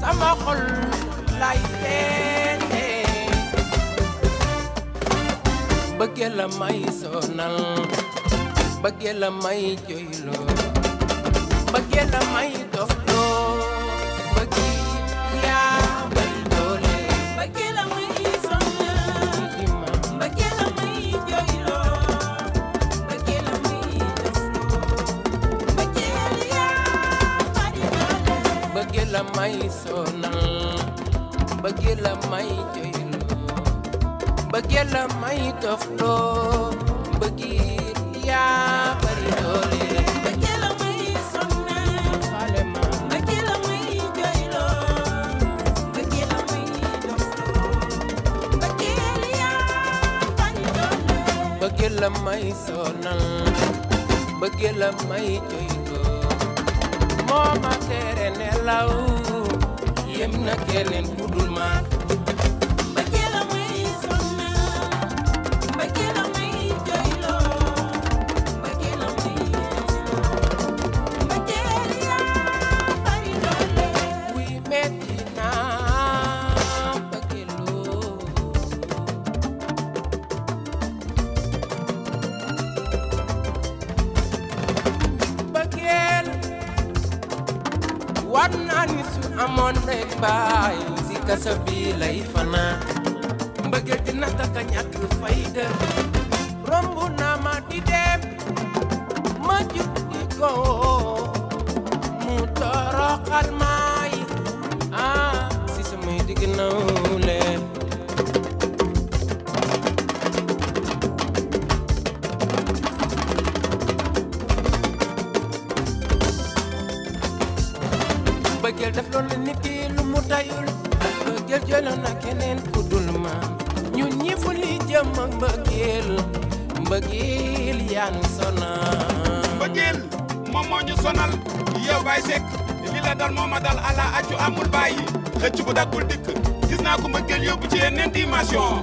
sama xol lay la may sonal bëggee la may joyloo may sonal bëggee la may doyloo bëggee la may tofloo bëggee yaa bari doole bëggee la may sonal bëggee la may doyloo moo ma tere law. yem na keneen ku dul ma xam naa ni su amoon rek baay si kasa bi lay fanaan mbëggeel dina taka ñàkk fayda romb naa ma di ma jug ko mbëggeel def loolu nit ki lu mu tayul mbëggeel jëloon a keneen ku dul ma ñun ñi fu li jëm ak mbëggeel mbëggeel yaa nu sonal mbëggeel moom moo ñu sonal yow Baye li la dal moo ma dal ala accu amul bàyyi xëcc bu daggul dikk gis naa ko mbëggeel yóbbu ci yeneen dimension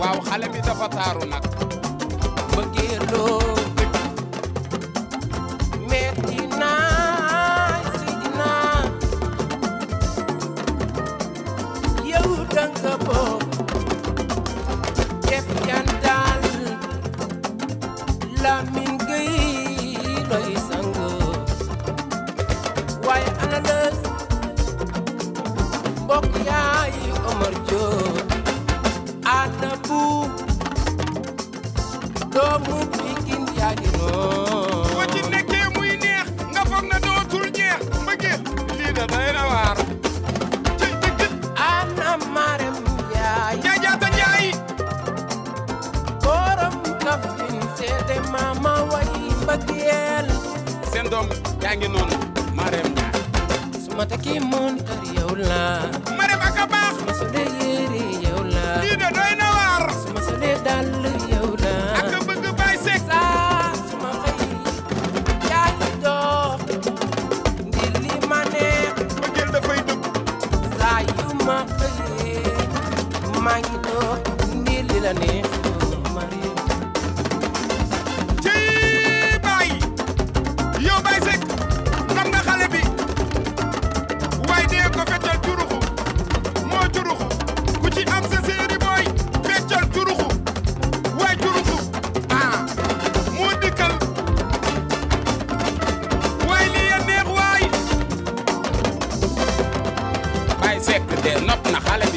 waaw xale bi dafa taaru nag mbëggeel loo metti naay Seydina yow danga boob def jantal Lamine Gueye doy sang waaye ana lës yaa doomu Pikine yaa ngi noonu. boo ci nekkee neex nga foog na dootul jeex bëggee lii da doy waar. jëj jëj jëj. Anna Marem Ndiaye. Jaajaata Ndiaye. Borom Kaffrine seete mama wayi mbëggeel. seen doom yaa ngi noonu Marem takki montar yow la. Marem a baax. ma solee yére yow la. ma xëyee maa ngi toog ngir li la neex de nopp na xale